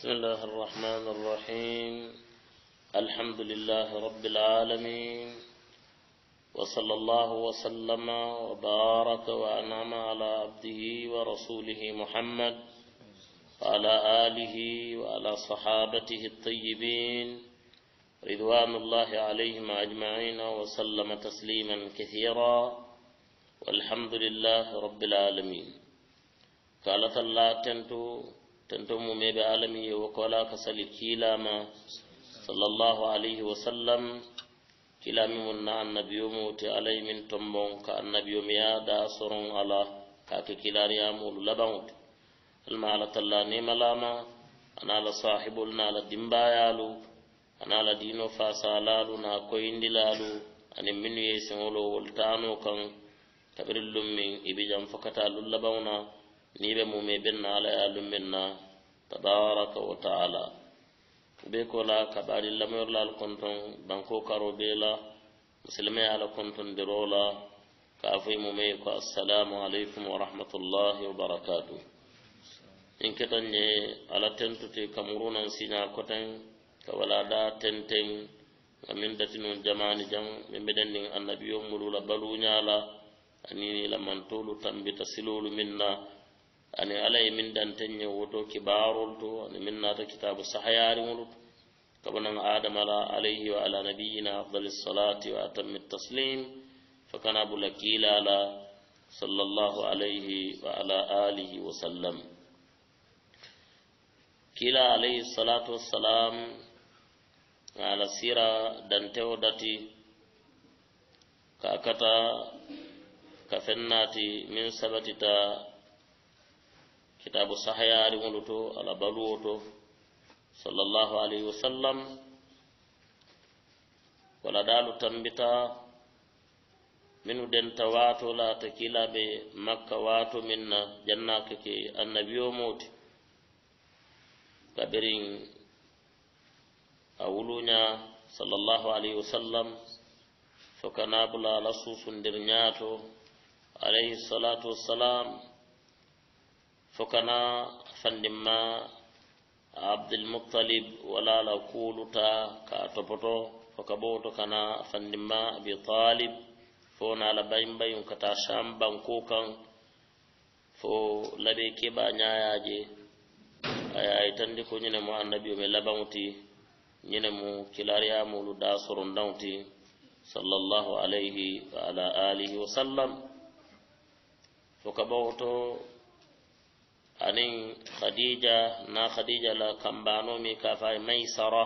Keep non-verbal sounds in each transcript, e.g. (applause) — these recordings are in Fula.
بسم الله الرحمن الرحيم الحمد لله رب العالمين وصلى الله وسلم وبارك وأنعم على عبده ورسوله محمد وعلى آله وعلى صحابته الطيبين رضوان الله عليهم أجمعين وسلم تسليما كثيرا والحمد لله رب العالمين قالت الله تنتو تنتم مي بعالمي وقولا كسل كيلاما صلى الله عليه وسلم كلام من النبي موت علي من تنبون كالنبي ميا دا سرون على كاك كلاري أمول لبنوت المعلة الله نيم لاما أنا لصاحب النال يالو أنا لدينو فاسالالو نا كويندلالو أنا منو يسنولو والتانو كان تبرلو من إبجان فكتا لبعونا ni be mu me ben ala ya lumin na tabaraka wa ta'ala be ko la ka bari lamor la al konton banko karo be la muslimai ala konton de rola ka afi mu me ko assalamu alaikum wa rahmatullahi wa barakatuh in ketan ne ala tentu te kamurunan sina koten ka wala da tenten amin datinun jamani jam be meden ni annabiyo mulula balunya la anini lamantulu tambita silulu minna ani ala ye min danteñe woto kibarol to ani min naata kitabu sahayariŋolu to kabanan adama la alayhi wa ala nabiyina afdali salati wa atami taslim fakana bula kiila la sallallahu alayhi wa ala alihi wa sallam kiila alayhi salatu wassalam ala sira dantewo dati ka kata ka fennati min sabatita kitabu sahayaari ŋolu to ala baluwo to sallallahu alayhi wa sallam wala daalu tambita minu den ta waato laata kiilaaɓe makka waato min na jannaka ke annabiyomooti kabirin a wuluña sallallahu alayhi wa sallam fo kanaabula ala suusundir ñaato alayhi salatu wassalam فكنا فندما عبد المطلب ولا لكولتا كاتبتو فكبوتو كنا فندما أبي طالب فونا لبين بين كتا شام بانكوكا fo labe keɓa ñayaje ayayi tandi ko ñine mo annabio me labaŋti ñine mo kilariyamolu da sorondaŋti sallallahu alayhi wa ala alihi wa sallam fo kaɓawoto anin khadija na khadija la kambano mi kafa maisara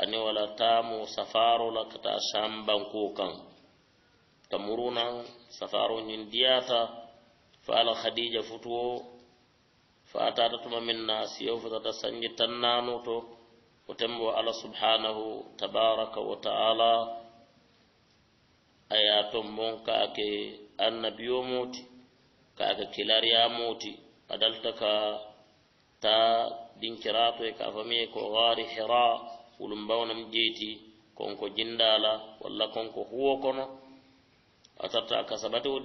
ani wala tamu safaru la kata shamban kukan tamuruna safaro nyin fa la khadija futuo ta tuma min nasiyo ta sanji tannano to otembo ala subhanahu tabaraka wa ta'ala aya tombon ke annabiyo ka ke kilariya muti. adaltaka ka ta dinkirato ka fami ko gari hira ulumbawnam jeeti konko jindala walla konko huwo kono atarta ka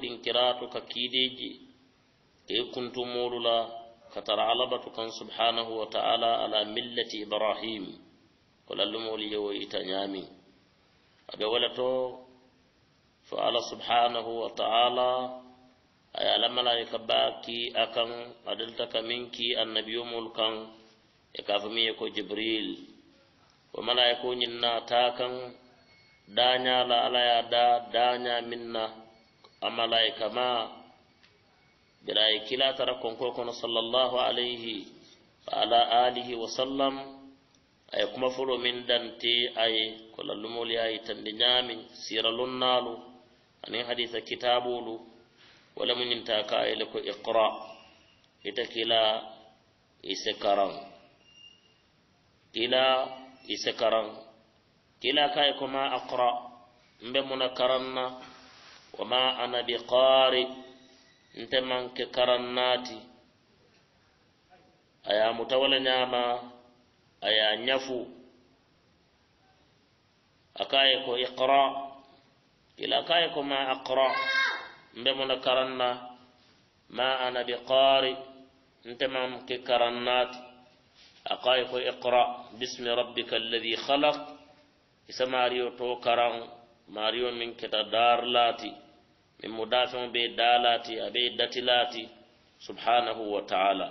dinkirato ka kiideji e kuntumolu la ka alabatu kan subhanahu wa taala ala millati ibrahim kolallumolu yewo ita ñaami aɓe to fo allah subhanahu wa taala aya la malaika ba ki a kan adalta ka min ki annabiyo mul kan e ka fami ye ko jibril wo malaika nyin na ta kan daanya la ala ya da daanya min na a malaika ma birayi e kila tara konko kono sallallahu alayhi wa ala alihi wa sallam ay kuma fulo min dante ay ko lallumol yayi tandi nyami siralun nalu anin hadisa kitabulu wala muñin ta kayele ko iqra ita kila ise karan kila ise karan kila kai ko ma aqra mbe muna karanna wa ma ana bi qari nte man manke karannati aya mutawala nyama aya nyafu akaye ko iqra kila kaye ko ma aqra ndemona karanna ma ana biqari ntemam ke karannati aqaye ko iqra bismi rabbika alladi halak isa mario to karan mario min keta dar laati min mo dafeŋo be da laati abe dati laati subhanahu wa taala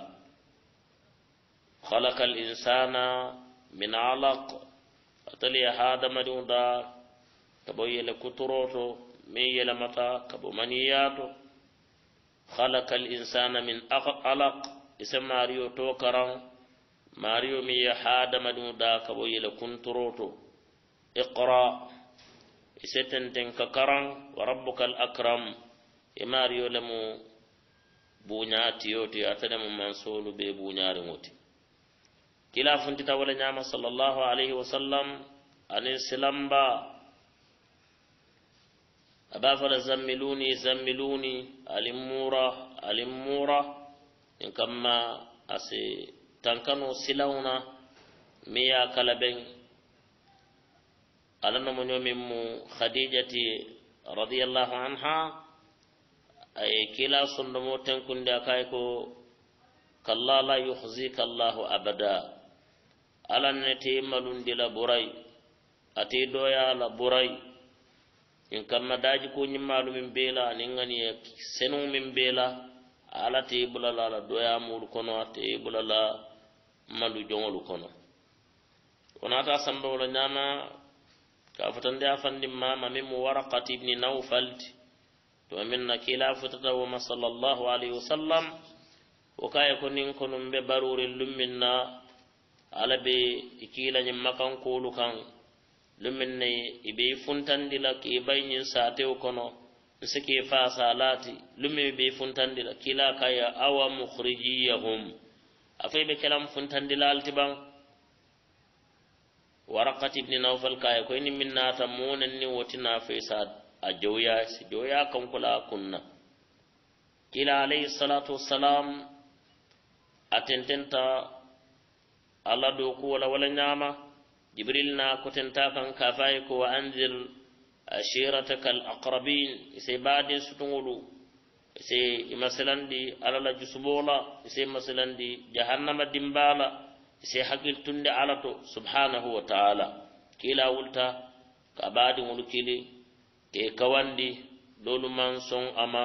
halaka linsana min alaq ataliya hadamadiŋo da taboyele kutoroto من يلمتا كبومنياتو خلق الإنسان من ألق اسم ماريو توكران ماريو مي حادم دودا كبو يلكن تروتو اقرأ isetenten ka karan wa rabbukal akram e mario lemu buñatiyoti atanemu mansolu be buñariŋoti kila funtita wala ñama sallallahu alayhi wa sallam أبا فلا زملوني زملوني ألمورة ألمورة إن كما أسي تنكنو سلونا ميا كلبين ألنا من يوم خديجة رضي الله عنها أي كلا صندمو تنكن داكايكو كلا لا يخزيك الله أبدا ألا نتي ملون لبري أتي دويا لبري in kanna daji ko nyimmalu min bela nin ngani e senu min bela ala te bula la la doya mur kono te bula la malu jongolu kono onata sambo la nyama ka fatan dia fandi mama min mu waraqat ibn nawfal to min na kilafata wa ma sallallahu alaihi wasallam o kaye ko nin kono be baruri lumminna ala be kila nyimma kan kulu kan lumin ne i be funtandi la ki i bay ñin saatew kono n si ki faasa laati lumin i be funtandi la kila kaya awa mukhrijiyahum a fo i be kelam funtandi la alti baŋ warakat ibni nawfal kaya koy ni min naata munen ni woti naafo i sa a jowya si jowya kankula kunna kila alayhi salatu wasalam a tententa alla dooku wala wala ñaama jibril na kwatanta kan kafaye ko wa anzir ashirataka alaqrabin ise baade sutungulu ise imasilandi alala jusubola ise masilandi jahannama dimbala ise hakkiltunde ala to subhanahu wa taala kila wulta ka baadi ŋolu kili ke kawandi dolu man soŋ ama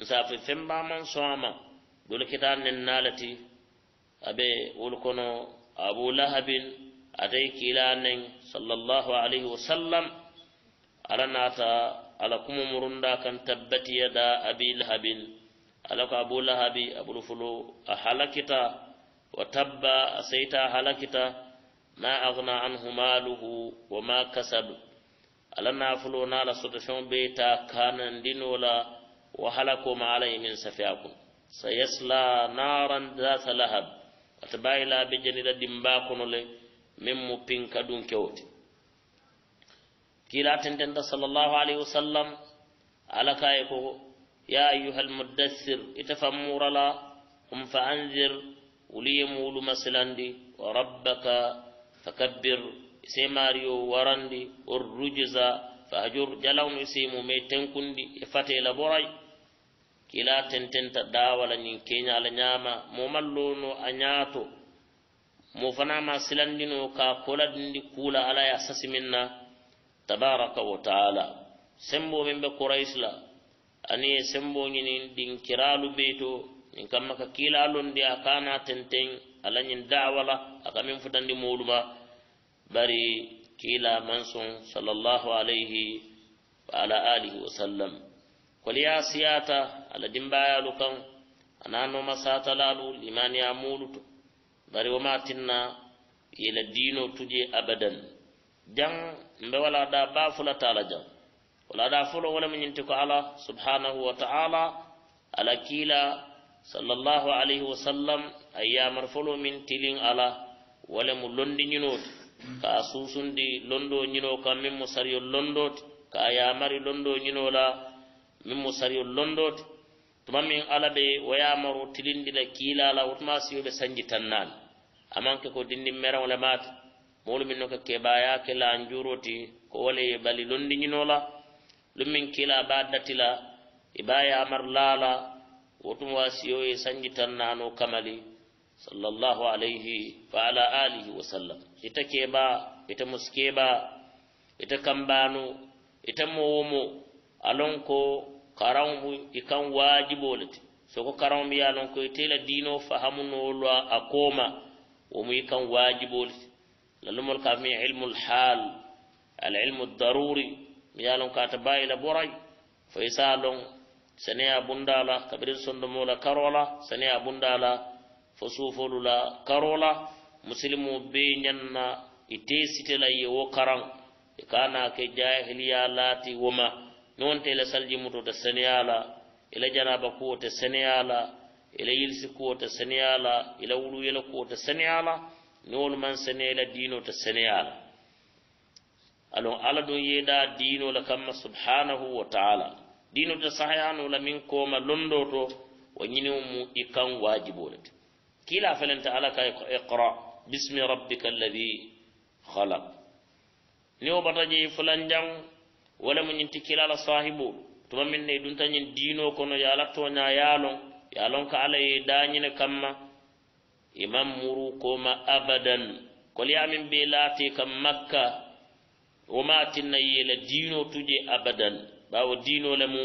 nsafe femba man soŋ ama dolu kita nen naalati abe wolu kono abu lahabin atay kiilanen sallallahu alayhi wa sallam ala naata ala kuma murunda kan tabbati yada abi lahabin ala ko abu lahabi abulu fulu a halakita wa tabba a sayta halakita ma agna anhu maluhu wa ma kasab ala nafulo naala soto feŋo be ta kanandino la wa halakoma ala ye min safiya kun sayasla naran data lahab ata bayila be jenila dimba kono le من مبين كدون كوت كلا تنتند صلى الله عليه وسلم على كايكو يا أيها المدثر اتفمر لا هم فأنذر ولي مول مسلندي وربك فكبر سيماريو ورندي والرجزة فهجر جلون يسيمو ميتن كندي إفاتي لبوري كلا تنتنت داولا نين كينا لنياما مملونو أنياتو mo fana ma silandino ka koladindi kula ala ya sasi min na tabaraka wa taala sembo min be kurais la ani ye sembo ñinin ɗin kiralu beyto nin kamma ka kilalondi a kana tenteng ala ñin dawala aka min futandi moluma bari kila manson sallallahu alayhi wa ala alihi wa sallam koliya siyata ala dimbayalu kan ana noma satalalu limaniya mulu to bari wama tinna yela diino tuje abadan jang mbe wala da baafula taala jang wala da fulo wala mo ñinti ko ala subhanahu wa taala ala kiila sallallahu alayhi wa sallam a yamar folo min tilin ala wala mo londi ñinoti ka susundi londo ñino kan min mo sariyo londoti ka yamari londo ñinola min mo sariyo londoti tuma min ala be wayamaro tilindila kiilala wotuma siyoɓe sanji tannani amanke ko dindin meraŋo le maati moolu miŋ no ka kebaaya ke la anjuuroo ti ko wo le ye bali londiñinoo la luŋ miŋ kila a be a dati la i be a ye a mari laa la wo tum waasiyoo ye sanji taŋ naano kamali sallallahu alayhi wa ala alihi wa sallam ita keebaa ita musikeebaa ita kambaanu ita moo mo a loŋ ko karaŋo mu i kaŋ waajiboo le ti soko karaŋo mu ye a loŋ ko ite i la diinoo fahamu noo lo a kooma ومي كان واجب للم الكافي علم الحال العلم الضروري ميالون كاتباي لبوري فيسالون سنيا بندالا كبير سندمولا كارولا سنيا بندالا فسوفولولا كارولا مسلم بيننا itesitela ye wo karaŋ e kana ke jahiliya laati woma nonte ila salji muto te seneya la ila janaba kuwo te seneya ila yilsi kuwota seneyala ila wulu yela kuwota seneyala niwolu man sene ila dino ta seneyala alon ala don yeda dino la kamma subhanahu wa ta'ala dino ta sahayano la min koma londo to wa nyini mu ikan wajibole kila falanta ala ka iqra bismi rabbika alladhi khalaq ni wata je fulan jam wala mu nyinti kila la sahibu to min ne dun tan nyin dino kono ya la to nya yalon ye lon ka alla ye dañine kamma iman muru koma abadan koli yamin be laati kam makka womatinna yiyela diino tuje abadan bawo diino le mu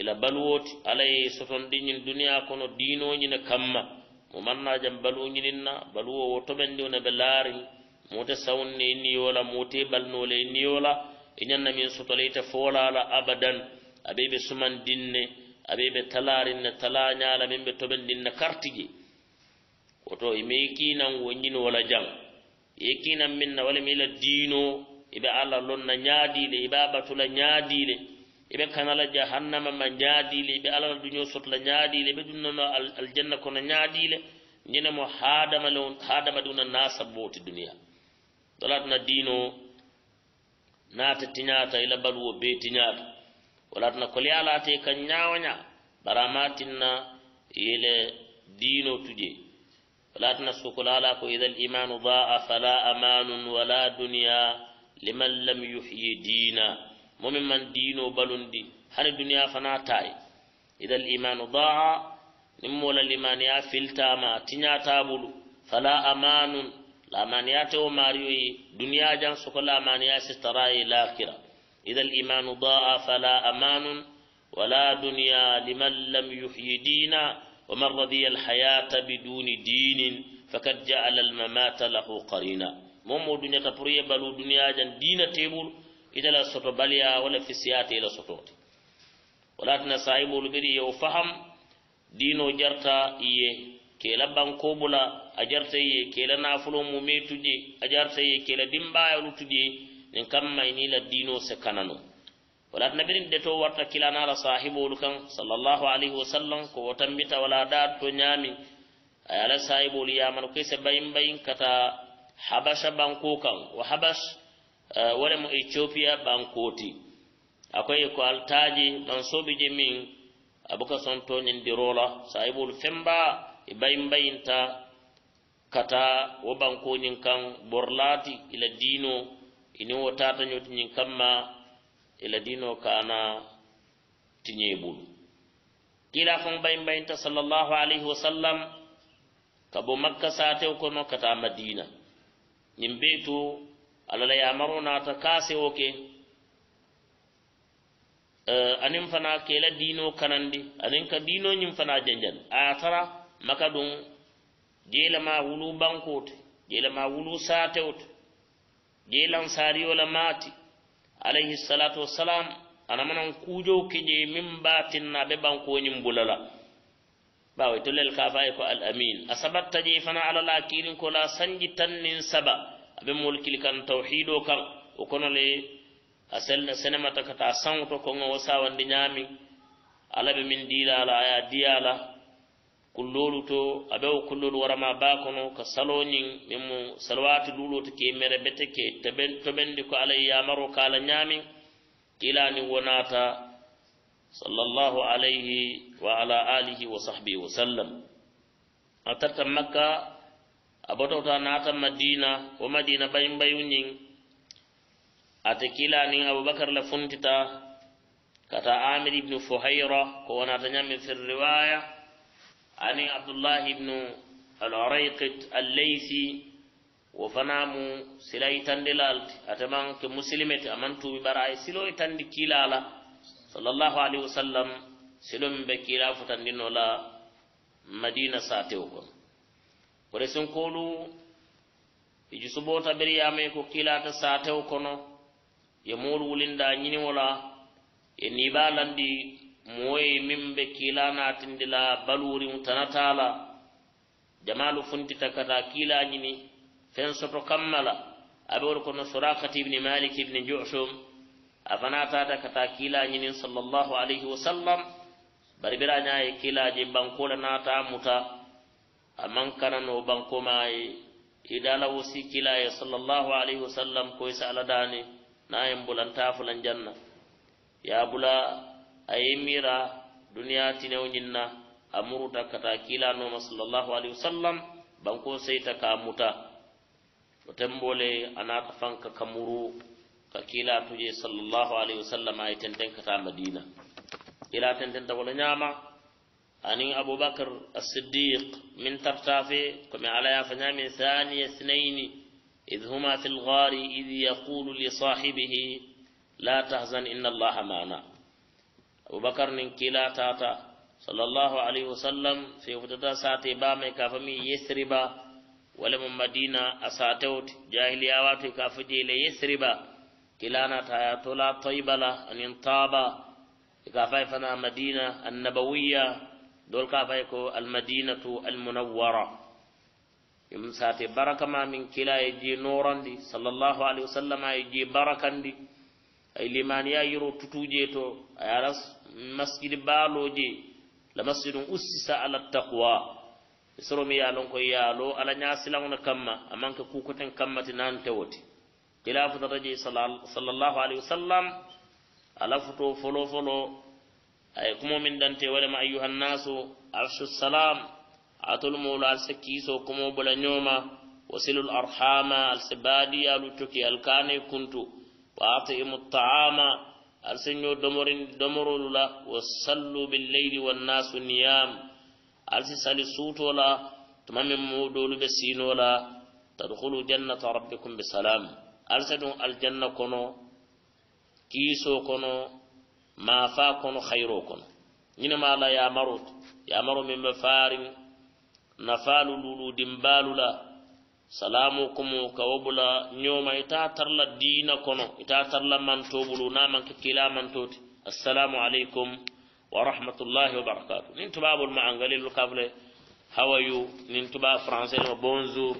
ila e baluwoti alla ye sotondiñin duniya kono diinoñine kamma mo mannajam baluñininna baluwo wo toɓendiwne ɓe laari mote sawunne i niyola mote balnole i niyola iñannamin e sotoleyta foolala abadan aɓe ɓe sumandinne abe ɓe talarinna tala ñala min ɓe toɓen ɗinna kartiji koto imi kinan wonñin wala jang ye kinan minna wala miila diino iɓe allah lonna ñaadile iɓe abatula ñaadile iɓe kanala jahannama ma ñaadile iɓe alala duño sotla ñaadile ɓe ɗumnano aljanna kono ñaadile ñine mo haadamale haadamade una nasabboti duniya dalatna diino naata tiñata ila baluwo be tiñata walatna koliyalate kan ñawaña baramatinna yele dino tuje walatna sukolala ko ida limanu daa fala amanun wala duniya liman lam yuhyi dina momin man dino balundi hani duniya fana taye ida limanu daa nimmola limaniya filtama tiñatabulu fala amanun lamaniya tewo mariyoyi duniya jan soko lamaniya sitaraye lakira إذا الإيمان ضاع فلا أمان ولا دنيا لمن لم يحيي دينا ومن رضي الحياة بدون دين فقد جعل الممات له قرينا مومو دنيا تبري بلو دنيا جن دين تيبول إذا لا سطو بليا ولا في سياتي إلى سطو ولا تنسايب البري يوفهم دينو جرتا إيه kela bankobula a jarta ye kela nafulo mu me tuƴe a jarta ye nin kam mayni la dino se kanano wala nabirin de to warta kilana la sahibu kan sallallahu alaihi wasallam ko wotambita wala da to nyami sahibu sahibolu yaman ko se bayin bayin kata habasha banko kan wa habas eh, wala mu ethiopia bankoti akwai ko altaji dan sobi je min abuka son to nyin dirola sahibolu femba ibayin ta. kata wo bankonin kan borlati ila dino ini wo taatañoo ti ñiŋ kamma ì e la diinoo kaana tiñee bulu kiila foŋ bayiŋ bayinta salallahu alayhi wa sallam eh, ka bo makka saatew kono ka taa madiina ñiŋ bee to alla la yaamaroo naata kaasewo ke aniŋ fanaŋ ke la diinoo kanandi aniŋ ka diinoo ñiŋ fanaŋ janjaŋ a ye tara maka duŋ jeelamaa wuluu bankoo ti jeelamaa wuluu saatew ti je lansariyo la maati alayhi salatu wasalam anamanan kujow keje min batinna be bankoñin bulala bawa tolel kafaye ko al amin a sabatta je fana alala kirin ko la sanji tannin saba abe molkili kan tawhido kan o konole a senematakata sanwto kon o wasawandi ñami alaɓe min dilala aya diyala kullolu to abewo kullolu warama baa kono ka saloñin min mu salawati lulo to ke mere bete ke toɓendi ko alay yamaro kala ñamin kilani wonata sallallahu alayhi wa ala alihi wa sahbihi wa sallam a tarta makka a botowta naata madina wo madina bayin bayuñin ate kilanin aboubacar la funtita kata amir ibn fuhayra ko wonata ñamin fir riwaya ani abdullahi ibnu alraikit alleysi wo fanamu sila itandilalti ateman ke musilimete amantuɓi ɓara ay silo itandi kiilala sallllahu alayhi wa sallam silomi ɓe kiila futandinola madina satew kon kore sin kolu iji suboota ɓeriyama ko kiilata satew kono ye molu wulinda ñiniwola e niba landi moye min be kila natindila baluriŋ tanata la jamalu funtita kata kila ñini feŋ soto kamma la abe wolu kono surakati ibni malik ibni jusum afanatata kata kila ñinin sallallahu alayhi wa sallam bari bira ñaye kilaji bankola nata muta aman kanano bankomaye idala wosi kilaye sallallahu alayhi wa sallam koysa ala dani nayen bulanta fulan janna ya bula aye mira duniya tinewo ñinna a muruta kata kilanoma sallallahu alaihi wasallam banko seyta ka muta o tembole anata fanka ka muru ka kila tuje sallallahu alaihi wasallam ay tenten kata madina ila tenten tawala ñama anin abubakar as-siddiq min tartafe komi ala ya fa ñami thaniya thnaini id huma fi lgari id yaqulu li sahibihi la tahzan inna allaha mana أبو بكر نين تا تاتا صلى الله عليه وسلم في وتدا ساتي بامي كافمي يسربا ولم مدينة أساتوت لي واتي كافجي ليسربا كلانا تايا تولا طيبلا أن ينطابا كافاي فنا مدينة النبوية دول كافايكو المدينة المنورة يمساتي بركة ما من كلا يجي نورا دي صلى الله عليه وسلم يجي بركة دي ay limaniya yiro tutuje to ay ala masjidi baaloje la masjidum ussisa ala taqwa soro mi yalon ko yaalo ala ñasilaŋona kamma amanke kukoten kammati nan tewoti kila futata je sallallahu alaihi wasallam ala futo folo folo ay kumo min dante walema ayuhannasu arshu salam atol molu al se kiiso kumo bola ñooma wasilul arhama al se baadiyalu coki alkane kuntu واعطهم الطعام أرسلوا دمر دمر لولا وصلوا بالليل والناس نيام أرسل سالي صوت ولا تمام مودول بسين ولا تدخلوا جنة ربكم بسلام أرسلوا الجنة كنو كيسو كنو ما فا كنو خيرو كنو نينما لا يا مرو يا مرو من مفارن نفال لولو دمبال لا salamu kumu kawobula ñoma ita tarla dina kono ita tarla mantobulu namanke kila mantoti assalamu aleykum wa rahmatullahi wa barakatu nin tubabol ma angalilu kafle hawayu nin tuba français ma bonjour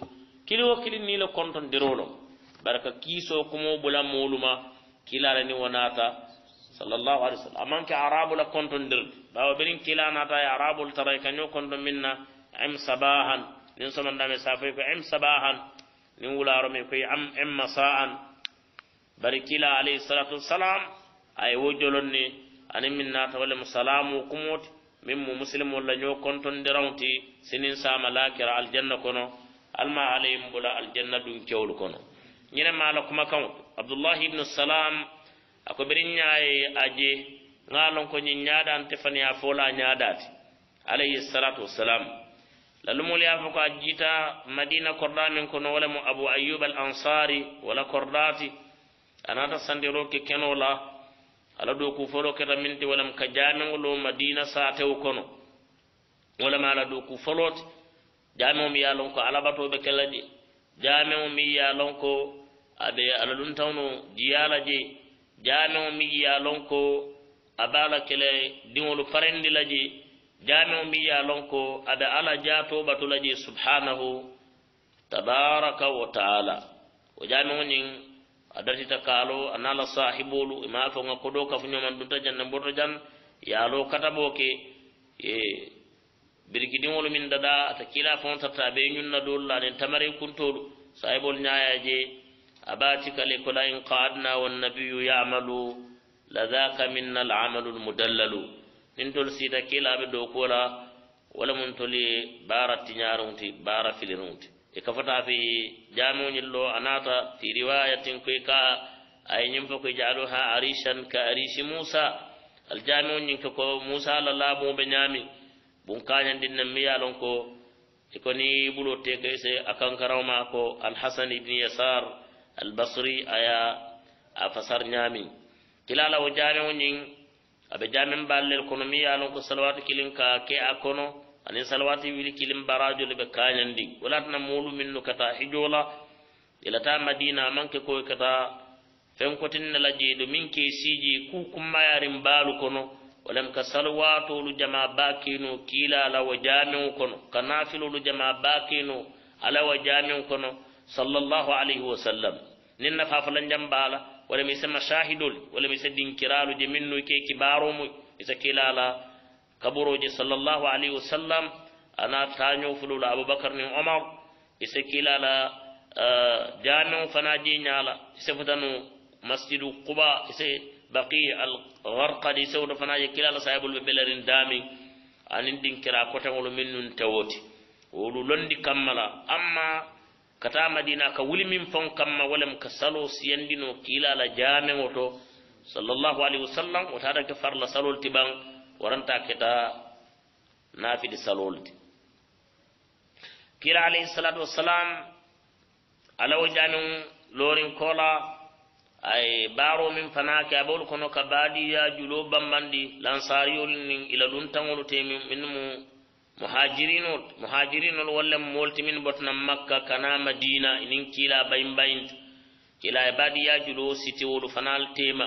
kili wo kili konton dirolo baraka kiso kumo bula muluma kila ni wonata sallallahu alaihi wasallam amanke arabu la konton dirde bawo benin kila nata ya arabul taray kanyo konton minna am sabahan nin sonondame safoy ko im sabahan nin wularome koye am im masa'an bari kila alayhi salatu wassalam aye wo jolon ni ani min nata walle mo salamu kumoti min mo musilimol la ño kontondiraŋti sinin sama lakira aljanna kono alma alayhim bula aljanna dun kewol kono ñine mala kumakaŋo abdullahi ibnu salam ako beri ñaye aje ŋa lon ko ñin ñadante fani a fola ñadati alayhi salatu wassalam lalumol yaafo ko a jiita madina korɗa min kono wala mo abou ayub al ansari wala korɗati anata sandiro ke keno la ala ɗo ku foro keta minti walam ka jamiolo madina satew kono walama ala ɗo ku folote jami o mi ya lon ko alaɓatoɓe kella ji jami o mi ya lon ko aɓe ala ɗum tawno jiyala je jami o mi yiya lon ko aɓe ala kele diŋolu parendila je jaami o mi ya lonko ada ala jatobatula je subhanahu tabaraka wa taala o jaami o ñin adartita kaalo anala sahibolu ima fonga kodo kafuñoman ɗumta jannde mboto jan yaalo kataɓoke e birkidiŋolu min dada ata kila fon tarta be ñunna dol lanin tamari kuntolu sahibol ñayaje abatikale ko la in qaadna wannabiyu yamalu lahaka minna alamalu almudallalu nintol sita kilaɓe dow kola wala mun toli baara tiñarunti baara filirunti e kafata fi jamiuñil lo a fi riwayatin koy ka aye ñin fo koye jaalu ha arishan ka arishi moussa aljamiuñin ke ko moussa la laamuɓe ñaami bun kañandin nan miya lon ko e koni ɓulotte kay se a kankarawma ko alhasan ibni yasar albasri aya a fasar ñaami kilala wo jamiuñin abe balle ballel kono mi yalon ko salawatu kilin ka ke akono kono ani salawatu wili kilin le be kanyandi na mulu minnu kata hijola ilata madina manke ko kata fenkotinna la jeeɗo min ke siji ku kummayarin baalu kono walam ka lu jama bakino kila ala wa jamiu kono kanafilu lu jama bakino ala wa kono sallallahu alaihi wasallam ninna nin nafafalan jam wala mi sama shahidol wala mi sa dinkiralude minnu ke kibaromuy isa kilala kaburoje sallllahu alayhi wa sallam ana taño fulula aboubacar nin omar isa kilala jamio fana jeñala isa fotanu masjidu quba isa baqi algarkadi isa woto fana je kilala sahibol ɓe ɓelarin dami anin dinkira kotewol min nun tawoti wolu londi kammala amma kata madina ka wulimin fon kamma walem ka salo siyandino kiilala jameŋo to sallallahu alayhi wa sallam wotata ke farla salol ti ɓan waranta keta nafidi salol ti kiila alayhi salatu wasalam alawo jameŋ lorin kola ay baro min fanake abol kono ka baadiya julo bambandi lansariyol nin ila luntaŋolu te min min mu muhajirin ol muhajirin ol walla mo moltimin botona makka kana madina inin kila bayinbayinta kila e baadiyajulo sitiwolu fanal tema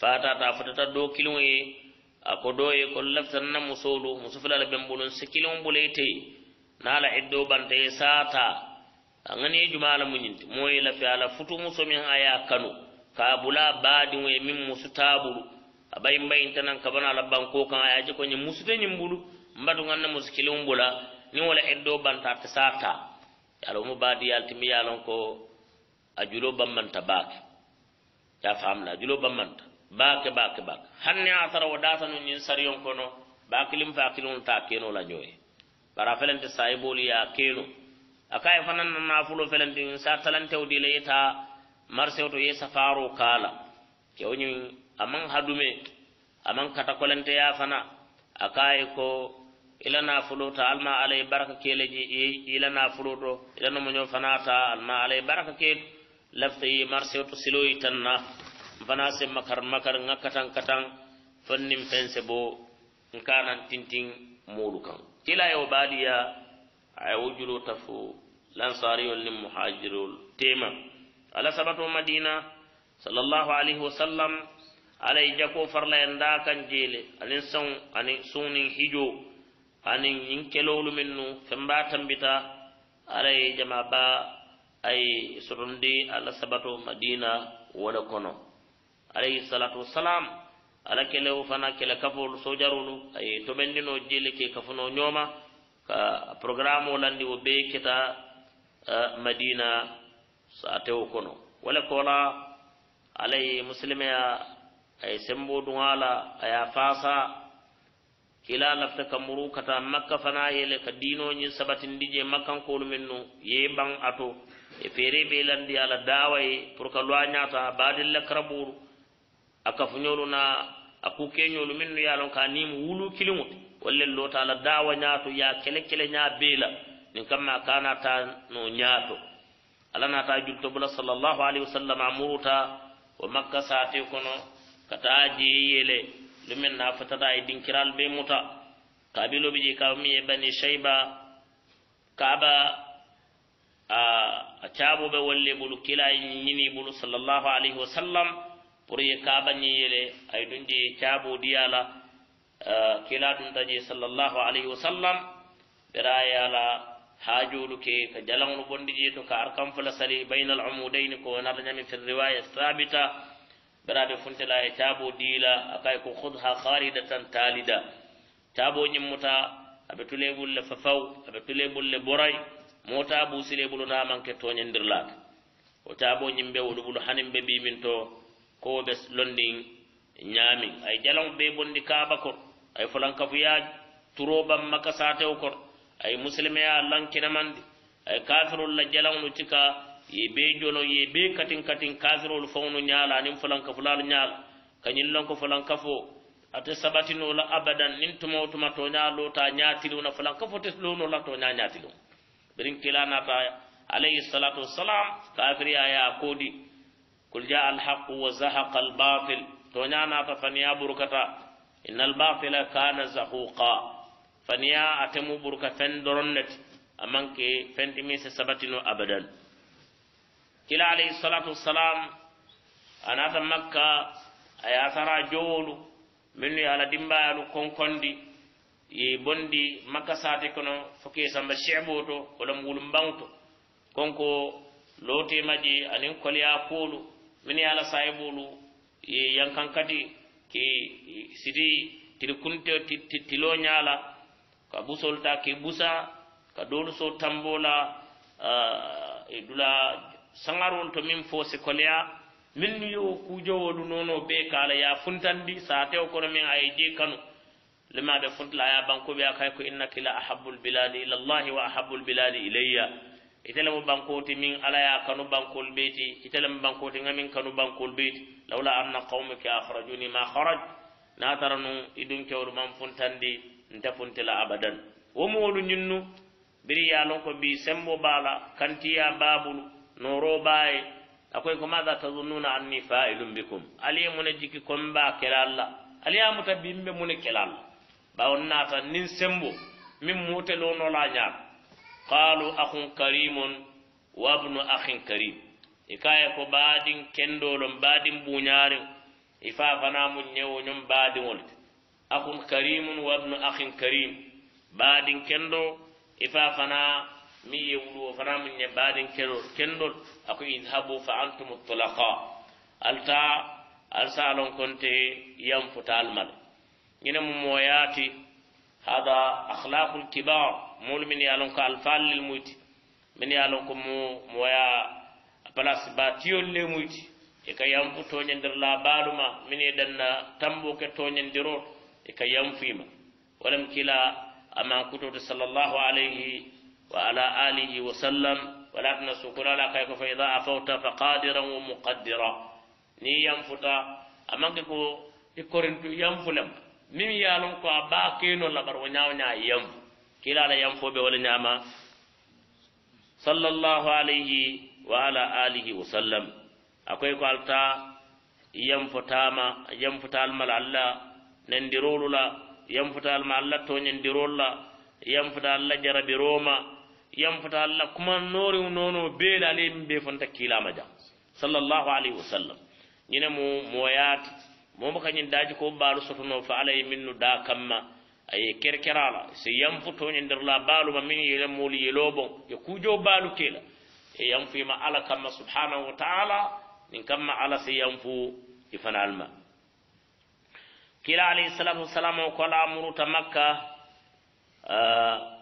fatata fotata do kilio ye ako do ye ko laftanna musolu musofilal benbulun sikilin bulaite nala iddo banta ye sata a ŋani e jumala muñinti mo ye lafi ala futu muso min aya kanu ka bula baadiŋo ye min musu taburu a bayinbayintanan kabana la banko kan aya je ko ñe musute ñin bulu mbaɗugan na muskilum bula ni wala eddo banta ta sata yalo mu badi yalti mi yalon ko a julo bammanta baake ya famla julo bammanta baake baake baake hanne a tara wa data nun yin sariyon kono baake lim faakilum ta keno la joye bara felente sayiboli e ya keno akaye fanan na nafulo felente yin sa talante wudi la yita marse wato ye safaro kala ke wani amman hadume amman katakolante ya fana akaye ko ila nafuluta alma alay baraka keleji ila nafuluto ila nomoño fanata alma alay baraka kelu lafta yi marseto siloyi tanna fana se makar makar nga katan katan fannin fense bo nkanan tintin mulu kan tila yo baliya ay wujulu tafu lansari wal lim muhajirul tema ala sabatu madina sallallahu alaihi wasallam alay jako farla enda kan jele alin son ani sunin hijo aniŋ ñiŋ keloolu miŋ nu fembe tambita alla ye jama baa a ye sotondi alla sabato madina wo le kono alayhi salatu wasalam alla kelewo fana kele kafoolu sojarolu a ye tobendino jeli ke kafuno ñooma ka programme landi wo bee keta madina saatewo kono wo le kola alla ye musilimeya a ye sembo duŋa la a ye faasa kila lafta ka muru kata makka fana yele ka diinoñin sabatindi je makkankolu men nu ye ban ato e feere be landi ala dawaye pour ka lowa ñata badilla karaburu a kafuñolu na a kukeñolu min nu yalon ka nim wulu kiliŋut walla lota ala dawa ñato ya kele kele ña bela nin kamma kanata no ñato ala nata julto bula sallallahu alaihi wasallam a muruta wo makka sate kono kata je yele ɗum men ha fotata e dinkiral be muta kabiloɓe je kawmi e bani cheyba kaaba a caaɓoɓe wolle ɓolu kila e ñini ɓolu sallllahu alayhi wa sallam pour ye kaaba ñiyele ay ɗum je caabo diyala kila ɗum taje sallllahu alayhi wa sallam ɓera yala haajolu ke ko jalanglu bonɗi je to ka arkan fula sali bayna al umudaini ko wonata ñami fi riwaya sabita ɓeraade funtelaa e taaboo diila akaye ko hod haa haarida tan taalida taaboo ñimmotaa aɓe tulee ɓulle fa faw aɓe tulee ɓulle boray moo taaboo silee ɓulo naamanke tooñanndirlaaka o taaboo ñimbe woɗo ɓulo hanin ɓe mbimin to koo ɓe londin ñaamin ay jalan ɓe bonndi kaaba kon ay folankafuyaa turooban makasaatew kon ay musilimeyaa lankinamandi ay kafirol la jalan no cika ye be jolo ye be katin katin kasirolu fawnu ñaala aniŋ fulanka fulalu ñaala kañiŋ lonko fulanka fo ate sabatino la abadan niŋ tuma wo tuma toñaa loota ñaatiliŋo na fulanka fo te lono la toñaa ñaatiliŋo biriŋ kila naata alayhi salatu wassalam kafiriya ye a koodi kul jaa alhaqu wa zahaqa albatil toñaa naata faniya burukata inna albatila kana zahuqa faniya atemu buruka feŋ doroŋ ne ti a maŋ ke feŋ timi se sabatino abadan kila alayhi salatu wasalam a nata makka a yasara jowolu minnu ye ala dimbayalu konkondi ye bondi makka sati kono foke samba chebo to walam wulumbanto konko lotemaji anin koliya kolu min ye ala sayibolu ye yankan kati ke siti tirikunte tilo ñala ka busolta ke busa ka dolu so tambola e dula saŋarol to min fosi sikoleya min yo kujowolu nono be kala ya funtandi te ko min ay je kanu lima limaɓe funtila ya banko a kay ko innaka la ahabbul bilali ila allah wa ahabbul bilali ilayya banko bankoti min ala ya kanu bankol beyti banko bankoti ngamin kanu bankol beyti lawla anna qaumuki akhrajuni ma kharaj na taranu idun kewru man funtandi nte funtila abadan mo wolu ñinnu biri lon ko bi sembo bala kantiya babulu noro baye akwai kuma za ta zununa anni fa'ilun bikum ali mun jiki kon ba kila Allah ali ya muta bimbe mun kila Allah ba wonna ta nin sembo min mute lo no la nyaa qalu akhun karimun wa ibnu akhin karim ikaye ko baadin kendolon baadin buñaarin ifa fana mun ñewo ñon baadiŋolti akhun karimun wa ibnu akhin karim baadin kendo ifa fana مي يولو فرام ني بارين كيرو كندول اكو يذهبوا فانتم الطلقاء التا ارسالون كنت يم فتال مال ني موياتي هذا اخلاق الكبار مول من يالون كالفال للموت من يالون كو مويا بلاس باتيول للموت ika yamfu toñendir labaluma mine danna tambo ke toñendiro ika e yamfima walam kila amankutoto sallallahu alayhi وعلى آله وسلم ولكن سكرا لا كيف فإذا أفوت فقادرا ومقدرا ني ينفتا أمانك كو يكورنت ينفلم مم يالون كو أباكين لبر ونعو نعو ينف كلا لا ينفو بول نعمة صلى الله عليه وعلى آله وسلم أكوي قالتا ينفتاما ينفتا المال الله نندرول لا ينفتا المال الله تونين درول لا ينفتا الله جربي روما ينفت الله كما نور نونو بيل عليهم بيفنت كيلام جا صلى الله عليه وسلم ينمو مويات مومكا ينداج كو بارو سفنو فعلي منو دا كما أي كركرالا سينفتو يندر لا بالو من يلمولي يلوبو يكوجو بالو كيلا ينفي ما على كما سبحانه وتعالى إن كما على سينفو يفنى الماء كلا عليه الصلاة والسلام وقال أمرو تمكة آه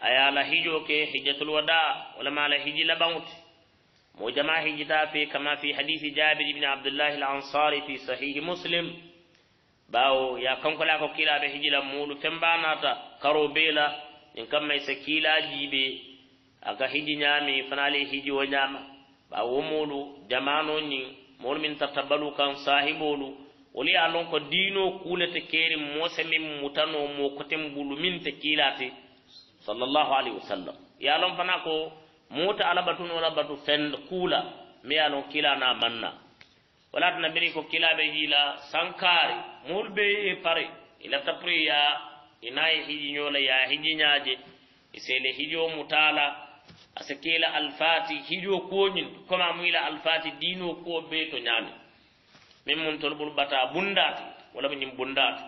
aya la hijo ke hijjatul wada ulama la hiji la bawt mo jama hijita fi kama fi hadisi jabir ibn abdullah al ansari fi sahih muslim bawo ya kankola ko kila be hijila mulu temba nata karo bela in kam mai sakila jibe aga hiji nyami fanale hiji wo nyama bawo mudu jamano nyin mol min tatabalu kan sahibolu wolu ye ko diino kuulete keeri moose min mutano mo koten bulu min te kiilate sallallahu alayhi wa sallam ye lon fana ko muta alabatun alabatu fen kuula mi ye lon kilana manna walatana biri ko kilaɓe hiila sankaari mol be ye e pare ilata pour ya inaye hijiñola ya hijiñaaje isele hijo mutala asa kela alfati hijo koñin comme muyila alfati diino ko be to ñaami min mun tol ɓol bata bundaati wala ɓo ñin bundaati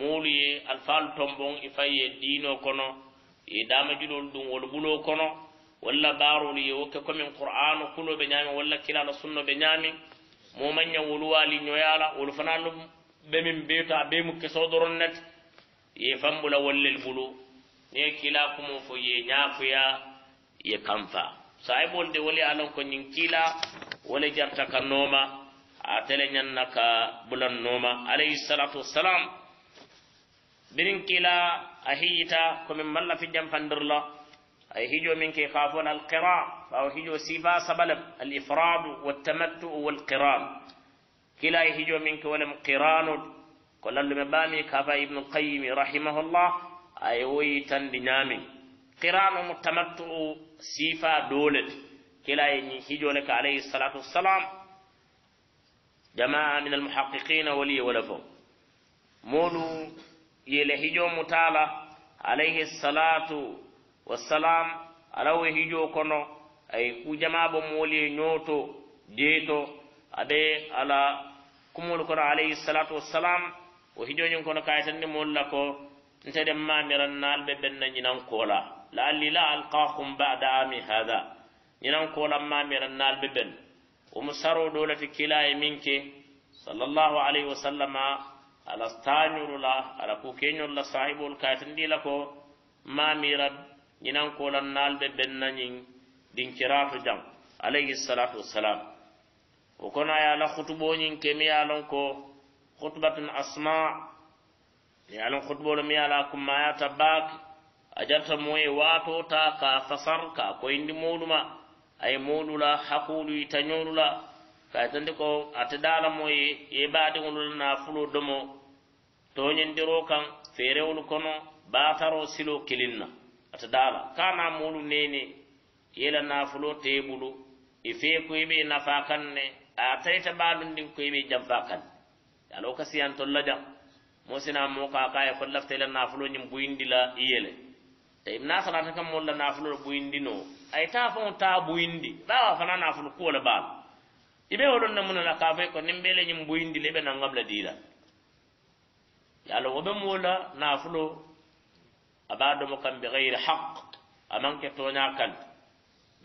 moolu ye alfaalu tombon ifaye diino kono ye damajulol dun wol bulo kono walla baarol ye wokke commin qur'anu be ñaami walla kilala sunno be ñaami momaña wolu waali ñoyala wolu fana ɗum be min beeta be mu keso doron net ye fambula wallel bulu ne kila kumo fo ye ñaafuya ye kanfa sahibol de woli alan ko ñin kila wole jarta ka noma a tele ñanna ka bulan noma alayhi salatu wassalam birin kila a hijita komin malla fijjan fandirla ay hijo min ke kafon alqira fawo hijo sifa sabalem alifradu waltamattuu walqiranu kila ay hijo min ke wolem qiranud ko lallume ɓami kafa ibnu qayimi rahimahullah ay woyitandi ñamin qiranu mu tamattuu sifa dolete kila ay hijole ka alayhi salatu wassalam jama'a min almuhaqiqina waliye wala fo molu yele hijomu taala alayhi salatu wassalam alawe hijo kono ay kujamaɓo moli ñooto e jeyto aɓe ala kumol kono alayhi salatu wassalam o hijoñin kono kayitanni molla ko nteɗen mamiran naal ɓe ɓenna ñinankoola laalli la alkakum bada ami hada ñinankoolan mamiran naal ɓe ɓen omo saro ɗolati kila e min ke sallallahu alayhi wa sallama ala staañorula ala ku keñolla sahibol kaatindila ko mamirat ñinankolan naalɓe bennañing ɗin kirato jam alayhi salatu wassalam o kono ye ala hutuɓoñing ke mi yalon ko hutbatun asma mi yalon hutuɓolo mi yala kummayata bak a jarta moye waatota ka fasar ka koyindi moɗuma aye moɗula hakulu yita ñolula kaytanti ko atidala moyi yebatiŋolula nafulo domo toñendiro kaŋ feerewolu kono bataro silo kilinna atidala kana molu neni yela nafulo tebulu ife koyibe nafa kaŋ ne atayita balundin koyibe janfa kaŋ alo kasiyantolla jaŋ mosina moka kaye ko laftaila nafulo ñiŋ buyindila iyele tayinasalata kaŋ molla nafulola buyindino ayita foŋo ta buyindi bawa fana nafulu kuwo le baala ibe oɗon namunana kafoy ko nin ɓeleñin boyindile ɓe nangam la diila yaala wo ɓe moola nafulo aba domo kam be gayri haq amanke toña kal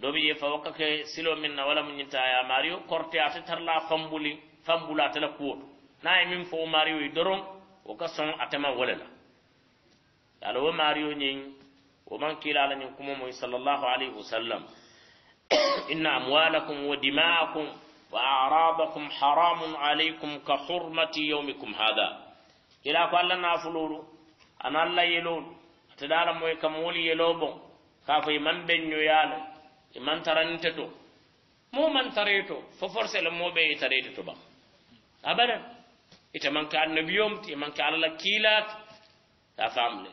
doɓe ƴe fawokka ke silo min na wala muñinta ya mario korte ate tarla fambuli fambula tala kuwoto na ye min fowo mario yi doron wo ka son atema wole la yaala wo mario ñin wo man kilala ñin kumo moy sallllahu alayhi wa sallam (coughs) inna amwalakum wa dimaakum فأعرابكم حرام عليكم كحرمة يومكم هذا إلا قال لنا أنا لا يلون تدار مويك مولي يلوبون كافي من بن يال من ترنتتو مو من تريتو ففرس مو بي تريتو با أبدا إذا من كان نبيوم من كان الله كيلات تفهملي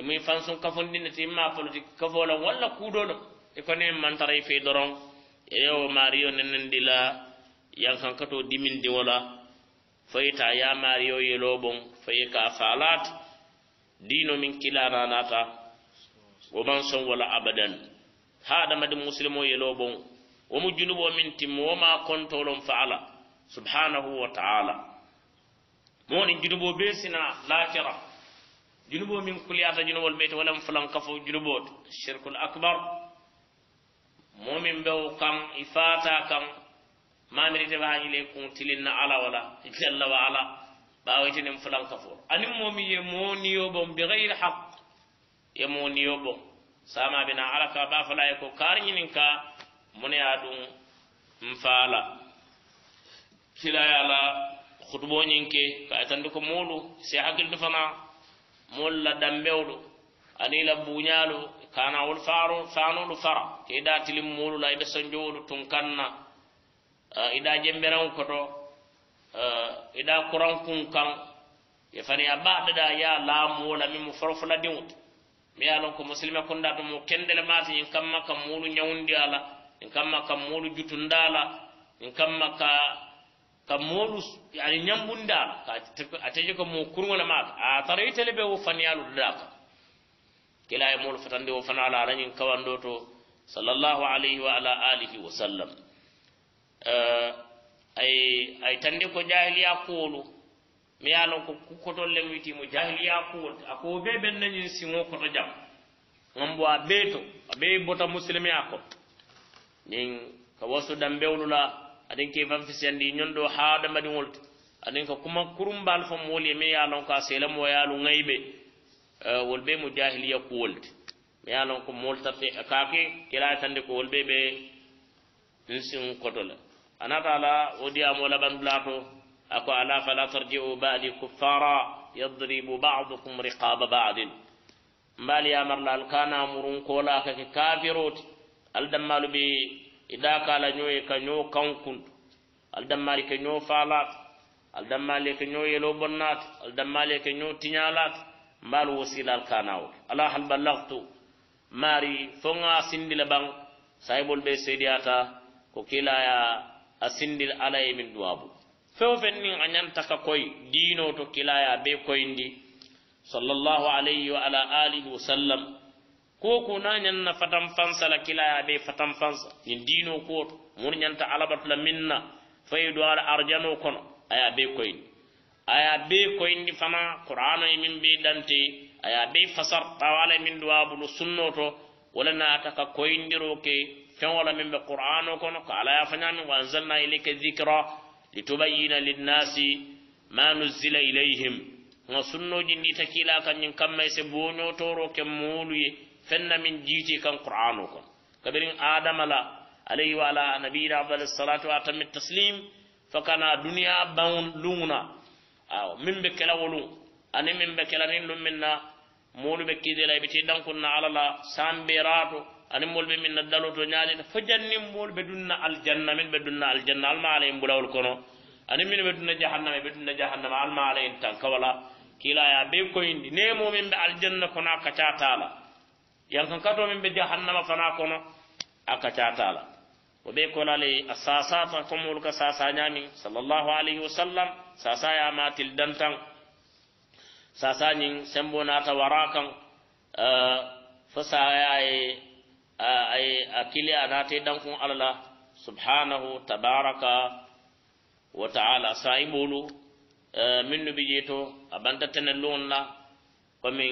إمي فانسون كفون دينتي ما كفولا ولا كودولم إكوني من تري في درون yewo mario nenendi la yan kan kato dimindi wala fayi ta ya mario yelo bon fayi ka falat dino min kilana nata wo man son wala abadan ha adamadi muslimo yelo bon wo mu junubo min timmo wo ma kontolon fa ala subhanahu wa ta'ala mo woni junubo be sina lakira junubo min kuliyata junubol mbeyte walam fulan kafo junubot shirkul akbar momin bewo kam ifata kam maniriteɓa hañile kun tilinna ala wala (laughs) jalla wa ala ɓawitenin fulanka fo anin momi ye mo niyo bon bigayri haq ye mo niyo bon sama bena ala ka ba fala ye ko kariñinin ka muneya ɗum n fala kilayala hutuboñinke kaytandi ko molu se hakkilde fana mol la dambewɗo anila buñalo kana wol faro fanolu fara ke ida tilim mulu la ida sanjowolu tun kanna uh, eh, ida jemberan koto uh, ida kuran kun kan ye fani a baɗa da ya la mola mi mu farfula diwut mi ya lon ko muslima kun da mu kendele mati in kamma kam mulu nyawndi ala in kamma kam mulu jutundala in kamma ka ka mulu yani nyambundala ka ateje ko mu kurwana ma a tarayitele be wo fani alu da ka kila e moolu fatande o fana ala arañin kawando to sallallahu alayhi wa ala alihi wa sallam ay ay tande ko jahiliya koolu mi yalon ko kukkotolle mi wiitimo jahiliya kool ako be ɓen nañin simo koto jam gambo a ɓee to a ɓee bota muslimi a ko nin ko wasu dan bewlula aɗin ke fanfisiandi ñonɗo haa damaɗi wolta aɗin ko kuma kurumbal fo mooli e mi yalon ko a selamo yaalu gayɓe wolbe mu jahiliya kuwolti mi ye lon ko moolu tarti kaake kila tande ko wolɓe ɓe nsin koto la anata ala wo diyamo labandula to ako ala fala tarjiu badi kuffara yadribu badukum riqaba badin mbaali yamarla kana murun ka ke kake kafiroti aldammalu ɓe ida kala ñoye ka ño kankuntu aldammali ke ño al aldammali ke ño yelo bonnaata aldammali ke ño tiñalaata mbaal wasila al kanawo ala hal ballagtu maari foŋa a sindi le baŋ sahibol be seediyata ko kilaya a sindi le ala ye min duwabu feŋo feŋ niŋ a ñanta ka koyi diino to kilaya be koyindi sallallahu alayhi wa ala alihi wa sallam kuwo ku na ñaŋ na fatan fansa la kilaya be fatan fansa niŋ diino kuwo to muŋ ñanta alabatu la miŋ na fo ye duwa la arjanoo kono a ye a be koyindi aya be koyindi fama qur'ano e min be dante aya be fasar tawala e min duwa bulu sunnoto wala naata ka koyindiro ke fen wala min be qur'ano kono ko alaya fañamin wa anzalna ilayka dicra litubayina linnasi ma nuzila ilayhim nga takila kan ñin kamma se boñotoro ke moolu ye fenna min jiiti kan qur'ano kono kabirin adama alayhi wa ala nabiyina afdal salatu wa atami taslim fakana duniya bawun lunguna aw min be kela wolu ani min be kela nin lum minna moolu be kidela ibe ti dankunna ala la sambirato ani moolu be minna daloto ñaalita fo jannin moolu be dunna aljanna min be dunna aljanna alma ala in bulawol kono ani min be dunna jahannama be dunna jahannama alma ala in tan kila kilaya be koyindi nemo min be aljanna kono a kacatala yankan kato min be jahannama fana kono a kacatala وبي كولالي الساسا فكمول كساسا نامي صلى الله عليه وسلم ساسا يا ماتل دنتان ساسا نين سمبونا ناتا وراكان آه فسا يا اي آه، اي اكلي اناتي على الله سبحانه تبارك وتعالى سايبولو آه من بيجيتو ابانتا تنلون لا ومن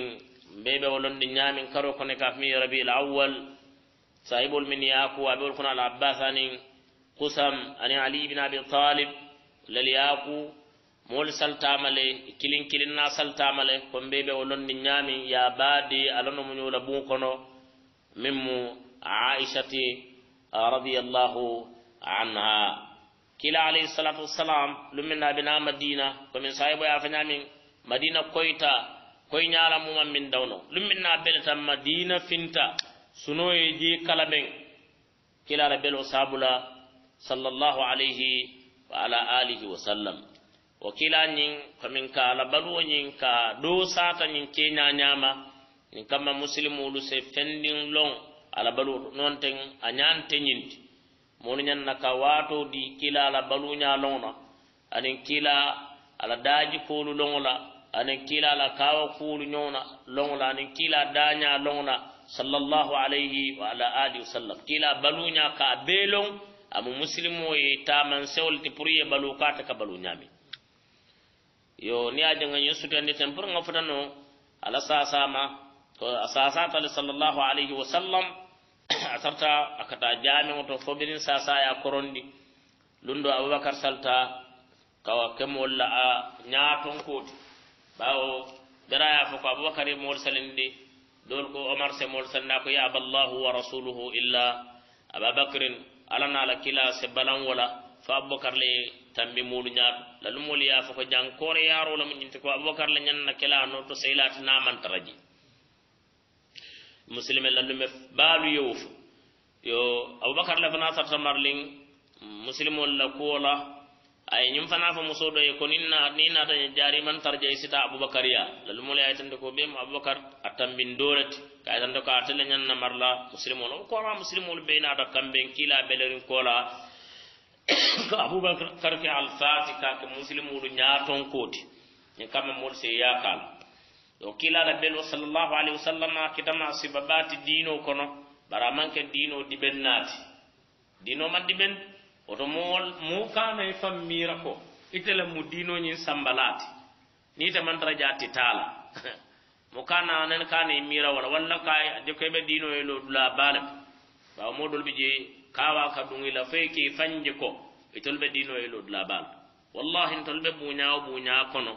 بيبي ولون نيامين كارو كوني كافمي ربي الاول صاحب المنياك وابي الخنا العباساني قسم أن علي بن ابي طالب للياكو مول سلتامله كلين كلين ناس سلتامله كم بيبا ولن نيامي يا بادي ألون منيولا بوكونو ممو عائشة رضي الله عنها كلا عليه الصلاة والسلام لمن أبناء مدينة ومن صاحب يافنا من مدينة كويتا كوين يعلم من دونو لمن أبناء مدينة فينتا sunoye di kalamen kilara belo sabula sall llah alayh wala alihi wasallam wo kilanin komin ka labaluwoñin ka ɗo satanin keñañama nin kamma musilimuulu se fendin lon alabalu nonten a ñanteñinti moni ñanna ka wato di kila alabaluña lona anin kila ala daji kolu longola anin kila ala kawa kulu ñona longola anin kila daña longola sallallahu alayhi wa ala alihi wasallam kila baluña ka beelon amo musilimo ye taman sewol ti pour ye balu ka balu ñami yo ni a janga ñin sutandi ten pour nga futano ala sasama ko a ta sallallahu alaihi wa sallam (clears throat) a akata jami kata to fobirin sasa ya korondi lundo abubakar salta kawa kemol la a ko bawo dara ya fo ko aboubacar ye mool salinde دول كو عمر سمول سناكو يا أبا الله ورسوله إلا أبا بكر ألنا لكلا سبلان ولا فأبو بكر لي تنبي مولو نيار للمولي يا فكو جان كوري يارو لمن ينتكو أبو بكر لنين كلا نوتو سيلات نامن ترجي مسلم لنم بالو يوف yo abubakar la fana sarta marlin muslimol la kuwo la ay ñum fana fa musoo ɗoye ko nin naa nin naata jaariman tarje e sita aboubacaria lalumole aytande ko ɓeem aboubacar a tambin doorete ka aytande ko arte leñan na marla musilimol on koora musilimol ɓey naata kamɓen kiila ɓelerin koola ko (coughs) aboubacar ke alfati kake musilimolu ñaaton kooti ñin kamɓe mol se yakal yo kiilaala belo salllahu alayhi wa sallam a kitama siba baati diino kono bara manke diino diɓen naati diino man diɓen oto mool mukaano i fammiira ko ite le mu diinoñiŋ sambalaati niite man tara jaa titaa la (laughs) mukaana aneŋ kaana i miira wala walla ka joko i be diinoo ye loo dula a baa le bawo moo doolu bi je kaawaa ka duŋ i la fo i ka i fanje ko itolu e be diinoo ye loo dula a baa le wallahi ntolu be buuñaa wo buuñaa kono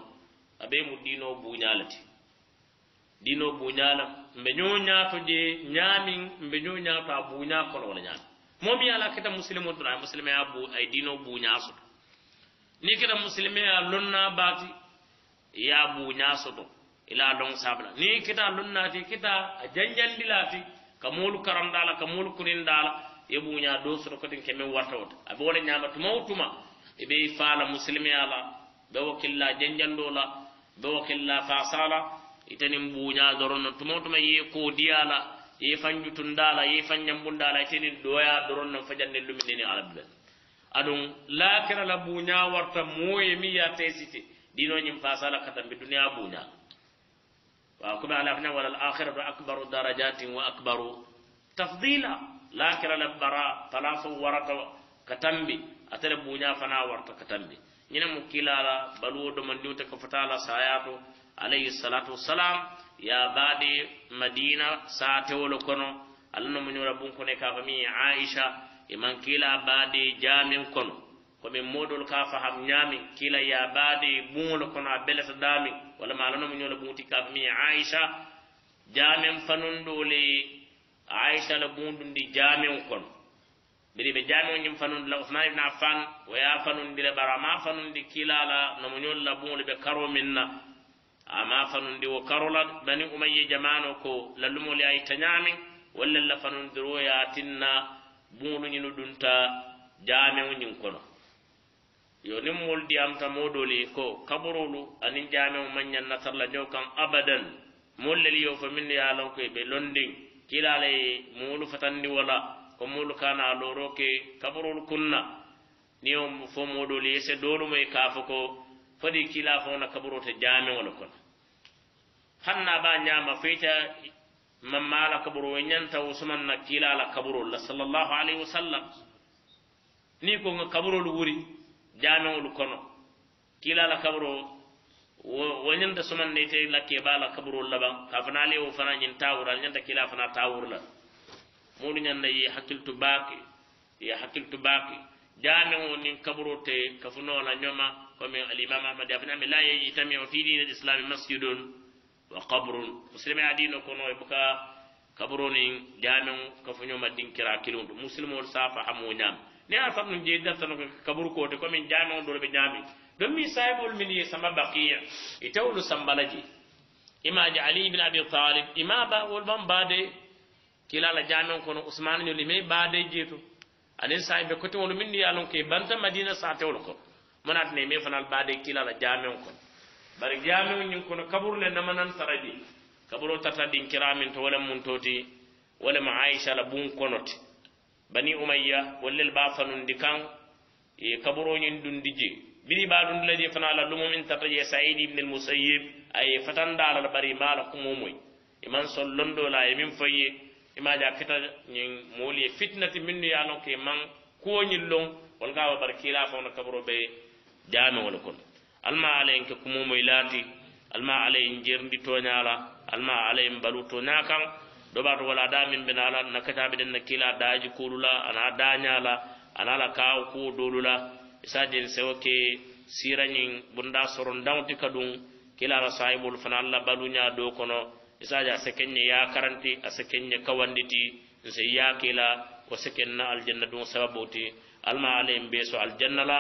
a be i mu diinoo buuñaa le ti diinoo buuñaa la mbe ñoo ñaato je ñaamiŋ mbe ñoo ñaato a buuñaa kono wala ñaami moom yaala kita musilimo tora ay musilimaya bu ay diino buuñaa soto niŋ kita musilimaya lonnaa baati ya buuñaa soto ila loŋ saabla niŋ kita lonnaati kita a janjandilaati ka moolu karandaa la ka moolu kurindaa la ye buuñaa doo soto kotin keme warta wota a e be wo le ñaama tuma wo tuma i be faa la musilimaya la be wo killa janjandoo la be wo killa faasaa la itaniŋ buuñaa doroŋ no tuma wo tuma ye koo diyaa la ye fan jutundala ye fan ñambundala iteni doya doron nan fajande lumineni alabilal adun lakira la buña warta moye mi ya tesite dino ñim fasala katambe duniya buña wa kuma ala fana wala akhiratu akbaru darajatin wa akbaru tafdila lakira la bara talafu warata katambi atare buña fana warta katambe ñina mu kilala baluwo domandiwte sayato alayhi salatu wasalam yaabaade madina saatewolo kono allah no muñora bun kone kafa mi aicha eman kila baade jamin kono komin moɗol kafa ham ñaami kila yaabaade buŋolo kono a belata daami walla ma allah no muñola bunti kafa mi aicha jamin fanunɗole aicha la bundundi jamin kono biri ɓe jamio ñim fanundi la usman ibne affan o ya fanundi le ɓara ma fanundi kilala no mo ñolla buŋolo ɓe karomin na ama fanundi wo karola bani umayye jamano ko lallumole ay tañamin walla la fanundiro yatinna buŋoluñinu ɗunta jameŋo ñiŋ kono yo niŋ moolu diyamta moodoli ko kaburolu aniŋ jameŋo maŋ ñaŋ nasara la ñoo kaŋ abadan moolu leli yo fo miŋ ne ye a lonko ɓe londiŋ kila la ye moolu fatandi wala ko moolu kana looro ke kaburolu kunna niŋ yo fo moodoli ye se doolu mo ye kaa fo ko fodi kilafona kaburota jamiwola kono hanna ba ñama feyta mammala kaburo we ñantawo sumanna kilala kaburolla sallallahu alayhi wa sallam ni konga kaburol wuri jamiwolu kono kilala kaburo wo ñanta sumanna ite lakke bala kaburol laban ka fana lewo fana ñin tawural ñanta kila fana tawurla muɗu ñanna ye hakkiltu baki ye hakkiltu baki jamiwo nin kaburo te kafunola ñoma comme al'imam ahmad ibn amir la yajtami'u fi din al-islam masjidun wa qabrun muslimi adino kono e buka kaburonin jamin kafunyo madin kira kilun muslimol safa hamu nyam ne a sabnum je da tanu kabur ko to komin jamin do be jamin don mi sahibul min sama baqiya itawlu sambalaji ima ji ali ibn abi talib ima ba wol ban bade kilala jamin kono usman ni limi bade jeto anin sahibe ko to wol min ya lon ke banta madina sa tawlo ko manat ne me fanal kila la jamen ko bari jamen nyin kono kaburu le namanan saradi kaburo tata din kiramin to wala mun toti wala ma aisha la bun konoti bani umayya wallel ba fanun dikan e kaburo yin dun dije bini ba dun laje fana la lumu min tata je sa'id ibn al musayyib ay fatandara la bari mala man iman sollondo la e min faye ja kita nyin moli fitnati min ya no ke man ko nyin lon wal gawa bar kila fa on kaburo be jaamewole kono alma alay en ke kumomoy laati alma alay en jerndi toñaala alma alay en mbalu toña kan ɗoɓaato wala damin ɓe naala nakkataɓe ɗen nakkila daaji kuulula ana dañala ana ala kaw kuwo dolula isajen e sewoke sirañin bunda soron dawti ka ɗum kilala sahibol fana allah baluña ɗo kono isaji e a sekenñe yakaranti a sekenñe kawanditi nse yakila o sekenna aljanna ɗum sababoti alma alay en ɓeeso aljanna la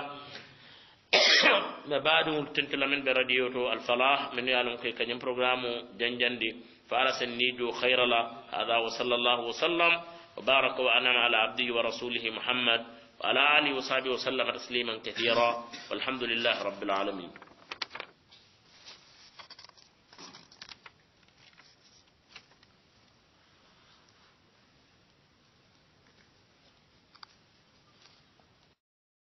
ɓe baɗum tentula min ɓe radio to alfalah min yalum koye kañum programme janjandi fa ala sen ni jo hayrala hada wa sall llahu wa sallam wa baraka wa anama ala abdihi wa rasulihi muhammad وعلى آله وصحبه وسلم تسليما كثيرا والحمد لله رب العالمين